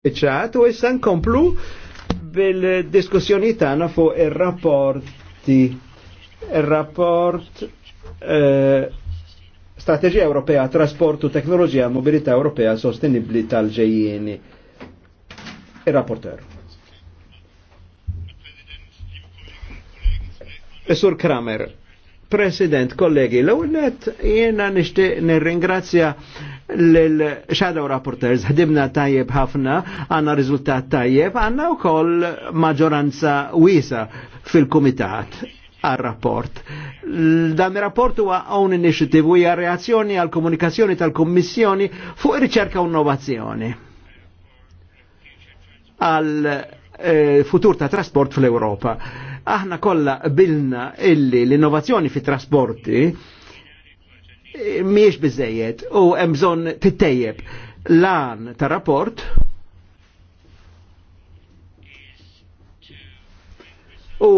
iċċat u issa nkomplu bil-diskussjoni tagħna fuq ir-rapporti ir-rapport eh, Strategija Ewropea Trasportu Teknoloġija Mobilità Ewropea Sostenibbli tal-ġejjieni. Ir-rapporter. Sur Kramer, President, kollegi, l għunet jena nishtiq nir-ringrazzja l-Shadow Rapporters ħdimna tajjeb ħafna, għanna rizultat tajjeb, għanna u koll maġoranza wisa fil-komitat għal-rapport. Dan il-rapport huwa own initiative u hija reazzjoni għal komunikazzjoni tal-Kommissjoni fuq riċerka u innovazzjoni għal eh, futur ta' trasport fl-Europa. Aħna kollha bilna illi l-innovazzjoni fit trasporti miex bizzejiet u emżon bżonn tittejjeb lan ta' rapport u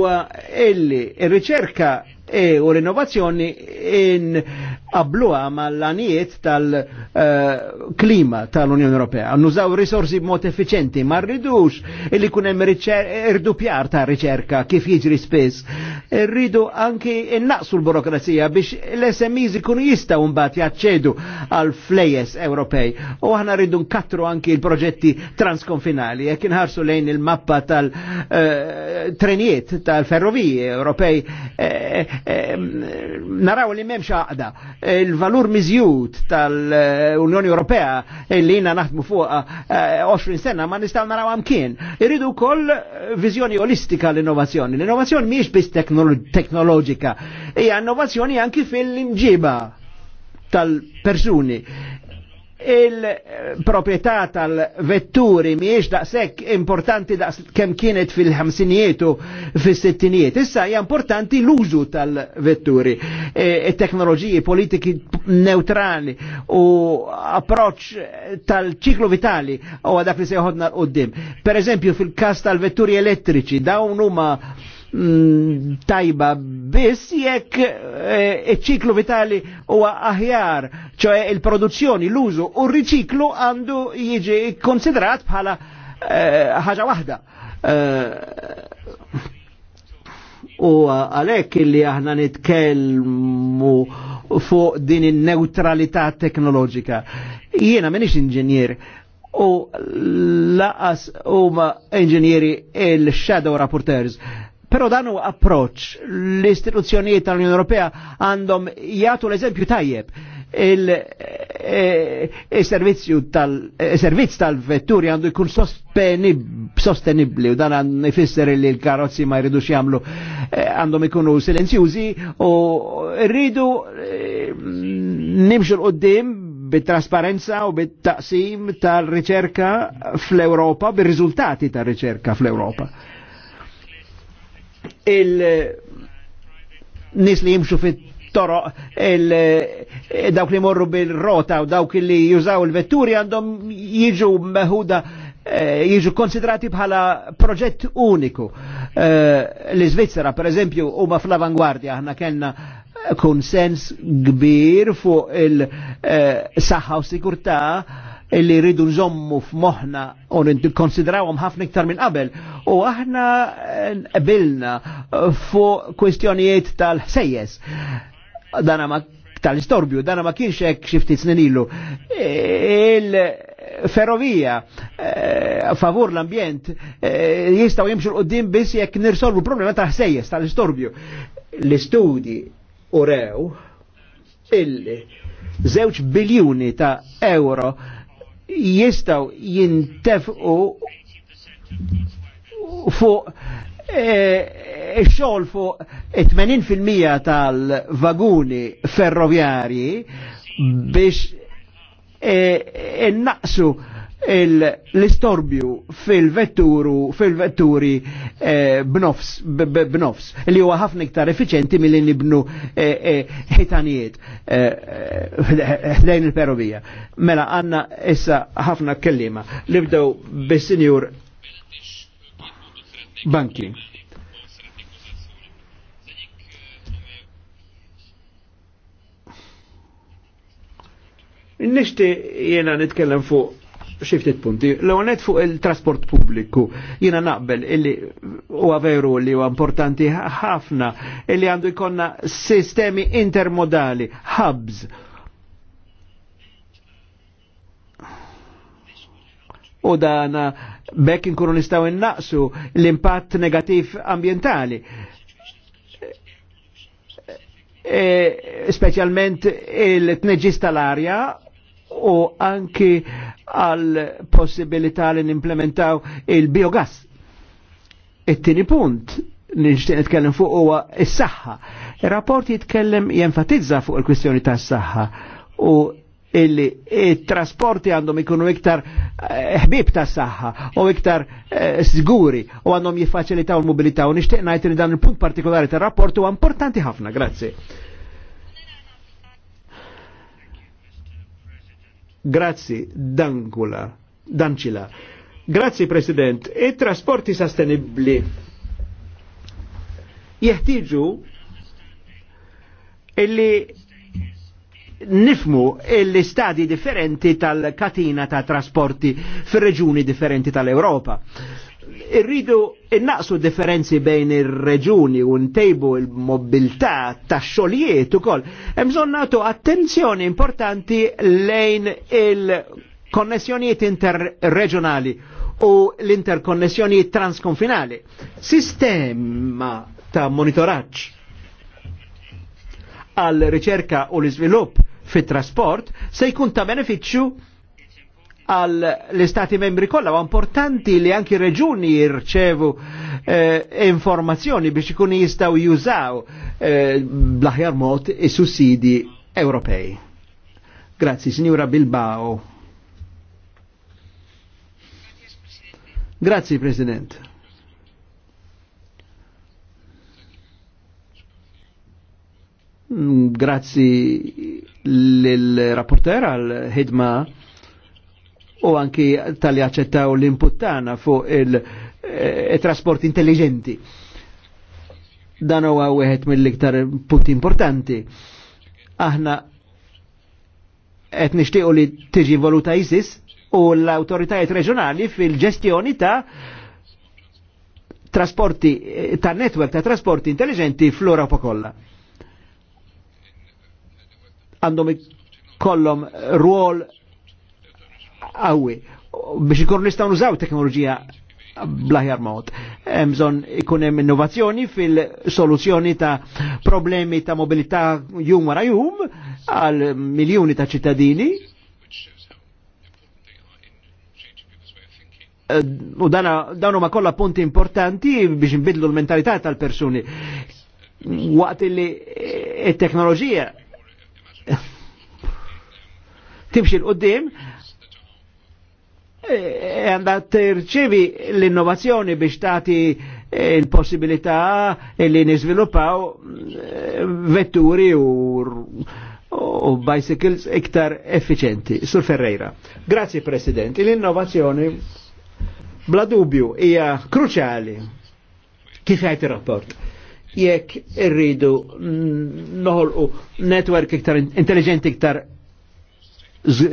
illi il riċerka e u l-innovazzjoni in qabluha mal-lanijiet tal-klima tal-Unjoni Ewropea. Nużaw risorsi b'mod effiċenti, ma rridux illi kun hemm irdu pjar ta' riċerka kif jiġri spiss. Rridu anki innaqsu l-burokrazija biex l-SMEs ikunu jistgħu mbagħad jaċċedu għal flejes Ewropej. U aħna rridu nkattru anki l-proġetti transkonfinali jekk inħarsu lejn il-mappa tal-trenijiet eh, tal-ferroviji Ewropej eh, eh, naraw li m'hemmx għaqda il-valur miżjud tal-Unjoni Ewropea li jina naħdmu fuq 20 eh, sena ma nistaw naraw għamkien. Irridu kol vizjoni olistika l-innovazzjoni. L-innovazzjoni miex bis teknoloġika, hija innovazzjoni anki fil-imġiba tal-persuni il-proprietà tal-vetturi miex daqshekk importanti da kem kienet fil-ħamsinijiet u fis-sittinijiet. Issa hija importanti l-użu tal-vetturi, il e, e teknoloġiji e politiki neutrali u approċ tal-ċiklu vitali u għadak li se l-qoddim. Per eżempju fil-kas tal-vetturi elettriċi dawn huma Mm, tajba biss jekk eh, iċ-ċiklu vitali huwa aħjar, ċoe il-produzzjoni, l-użu u r-riċiklu għandu jiġi konsiderat bħala eh, ħaġa waħda. Eh, u għalhekk li aħna nitkelmu fuq din il neutralità teknoloġika. Jiena m'iniex inġinier, u laqas u ma inġinieri il-shadow rapporteurs Però dan huwa approċċ l-istituzzjonijiet tal-Unjoni Ewropea għandhom jagħtu l-eżempju tajjeb il-servizzju e, e, tal-servizz e, tal-vetturi għandu jkun sostenibli u dan għan ifisser li l-karozzi ma jridux jamlu għandhom ikunu silenzjużi u rridu nimxu l-qoddim bit-trasparenza u bit-taqsim tal-riċerka fl-Europa, bir-riżultati tal-riċerka fl-Europa il-nis li jimxu fit toro il dawk li morru bil-rota u dawk li jużaw il-vetturi għandhom jiġu meħuda eh, jiġu konsidrati bħala proġett uniku. Eh, L-Svizzera, per eżempju, huma fl-avangwardja, aħna kellna konsens kbir fuq il-saħħa eh, u sikurtà li rridu nżommu f'moħna u konsidrawhom ħafna iktar minn qabel. U aħna eh, qbilna eh, fuq kwestjonijiet tal-ħsejjes. Dana ma tal-istorbju, dana ma kienx hekk xi ftit snin eh, Il-ferrovija favur l-ambjent jistgħu jimxu l-qoddim biss jekk nirsolvu problema tal-ħsejjes tal-istorbju. L-istudji u rew illi zewċ biljuni ta' euro jistaw jintefqu fuq eh, xol fuq 80% tal-vaguni ferroviari biex eh, innaqsu l-istorbju fil-vetturi Eh, b'nofs, b'nofs, li huwa ħafna iktar effiċenti mill nibnu eh, eh, ħitanijiet ħdejn il perovija Mela għanna issa ħafna kellima li bis-sinjur banki. Nishti jena nitkellem fuq xiftit punti. L-għonet fuq il-trasport pubbliku, jina naqbel illi u għaveru li u importanti ħafna illi għandu jkonna sistemi intermodali, hubs. U dan bekk inkunu nistaw innaqsu l-impatt negativ ambientali. E, specialment il tneġista l arja u anki għal possibilità li nimplementaw il-biogas. It-tieni punt nixtieq nitkellem fuq huwa s-saħħa. Ir-rapport jitkellem jenfatizza fuq il-kwistjoni tas-saħħa u illi il-trasporti għandhom ikunu iktar eh, ħbib ta' saħħa u iktar eh, siguri u għandhom jiffaċilitaw il-mobilità u nixtieq ngħid li dan il-punt partikolari tar-rapport huwa importanti ħafna. Grazzi. Grazzi, Dankula, Dancila. Grazzi, President. Il-trasporti sostenibili. sostenibli jeħtiġu illi nifmu l-istadi differenti tal-katina ta' trasporti fir reġuni differenti tal-Europa irridu innaqsu differenzi bejn ir-reġuni u ntejbu il-mobilità ta' xogħlijiet ukoll. Hemm bżonn nagħtu attenzjoni importanti lejn il-konnessjonijiet interreġjonali u l-interkonnessjonijiet transkonfinali. Sistema ta' monitoraġġ għal riċerka u l-iżvilupp fit-trasport se jkun ta' benefiċċju għal l-istati membri kollha u importanti li anki reġuni jirċevu eh, informazzjoni biex ikun jistgħu jużaw eh, bl-aħjar mod is-sussidi Ewropej. Grazzi, Signora Bilbao. Grazzi, President. Mm, Grazie, l rapporteur, al Hedma u anki tal-li accettaw l-input tagħna fuq il-trasport eh, intelligenti. Dan huwa wieħed mill-iktar punti importanti. Aħna qed nixtiequ li tiġi voluta ISIS u l-autoritajiet reġjonali fil-ġestjoni ta' trasporti ta' netwerk ta' trasporti intelligenti fl-Europa kollha. Għandhom kollom rwol għawi biex ikonu nistaw nużaw teknoloġija blaħjar mod. Bżon ikun hemm innovazzjoni fil-soluzzjoni ta' problemi ta' mobilità jum wara jum għal miljuni ta' ċittadini. Eh, u dan huma kollha punti importanti biex nbidlu l-mentalità tal-persuni. Waqt li t-teknoloġija eh, timxi l-qoddim, Eh, e għanda e, tirċivi l-innovazzjoni biex tati eh, il-possibilità eh, li nizviluppaw vetturi u, u bicycles iktar effiċenti. Sur Ferreira. Grazie President. L-innovazzjoni bla dubju hija kruċali kif għajt il-rapport jekk irridu noħolqu network iktar intelligenti iktar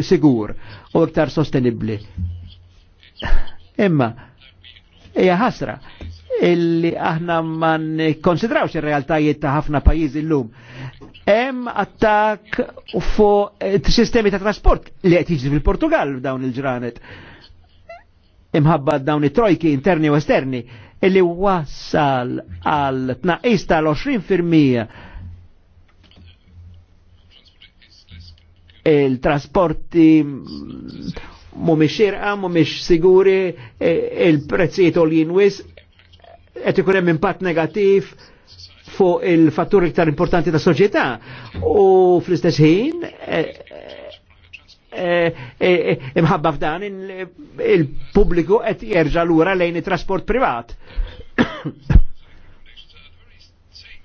sigur u iktar sostenibli. Imma, hija ħasra illi aħna ma nikkonsidrawx ir-realtajiet ta' ħafna pajjiżi llum. Hemm attak fuq sistemi ta' trasport li qed jiġri fil-Portugal dawn il-ġranet. Imħabba dawn it-trojki interni u esterni illi wassal għal tnaqqis tal-20% il-trasporti mumiex irqa, mumiex siguri, e, il-prezzijiet u l-jinwis, qed ikun hemm impatt negativ fuq il-fatturi iktar importanti ta' soċjetà u fl-istess ħin e, e, imħabba f'dan il-pubbliku qed jerġa' lura lejn it-trasport privat.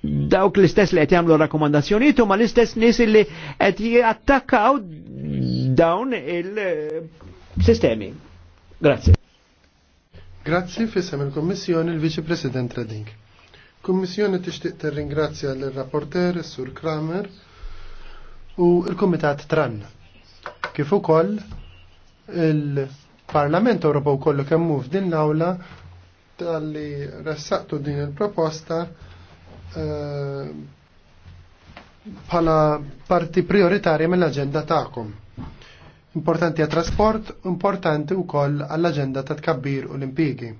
Dawk l-istess li qed jagħmlu rakkomandazzjonijiet huma l-istess nies li qed jattakkaw dawn il- sistemi. Grazie. Grazzi fissam il-Kommissjoni il-Viċi President Reding. Kommissjoni tixtieq tirringrazzja l-rapporter Sur Kramer u l-Kumitat Tran. Kif ukoll il-Parlament Ewropew kollu kemm f'din l-awla tal-li ressaqtu din il-proposta eh, bħala parti prioritarja mill-aġenda tagħkom importanti għat trasport, importanti wkoll għall-aġenda ta' tkabbir u l-impigi.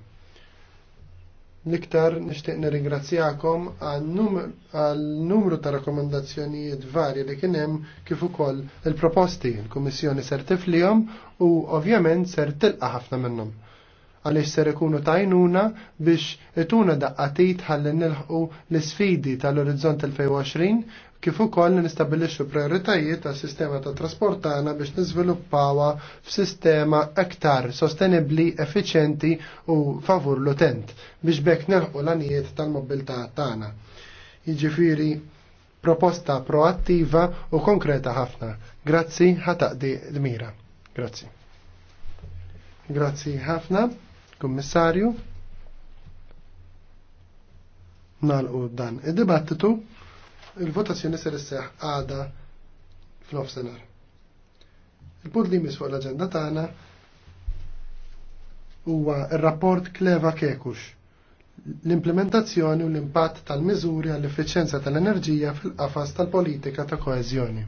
L-iktar nixtieq nirringrazzjakom għal numru ta' rakkomandazzjonijiet varji li kien hemm kif ukoll il-proposti l-Kummissjoni ser tiflihom u ovvjament ser tilqa' ħafna minnhom għaliex ser ikunu tajnuna biex ituna tit ħalli nilħu l-sfidi tal-Orizzont 2020 kif ukoll nistabbilixxu prioritajiet ta' sistema ta' trasport tagħna biex niżviluppawha f'sistema aktar sostenibbli, effiċenti u favur l-utent biex bekk nelħu l-anijiet tal-mobilità tagħna. Jiġifieri proposta proattiva u konkreta ħafna. Grazzi ħataqdi d-mira. Grazzi. Grazzi ħafna, kummissarju. Nalqu dan id-dibattitu. Il-votazzjoni ser isseħ għada f'nofsenar. Il-punt li fuq l-agenda tagħna huwa r-rapport Kleva Kekux l-implementazzjoni u l-impatt tal-miżuri għall-effiċenza tal-enerġija fil-qafas tal-politika ta' koeżjoni.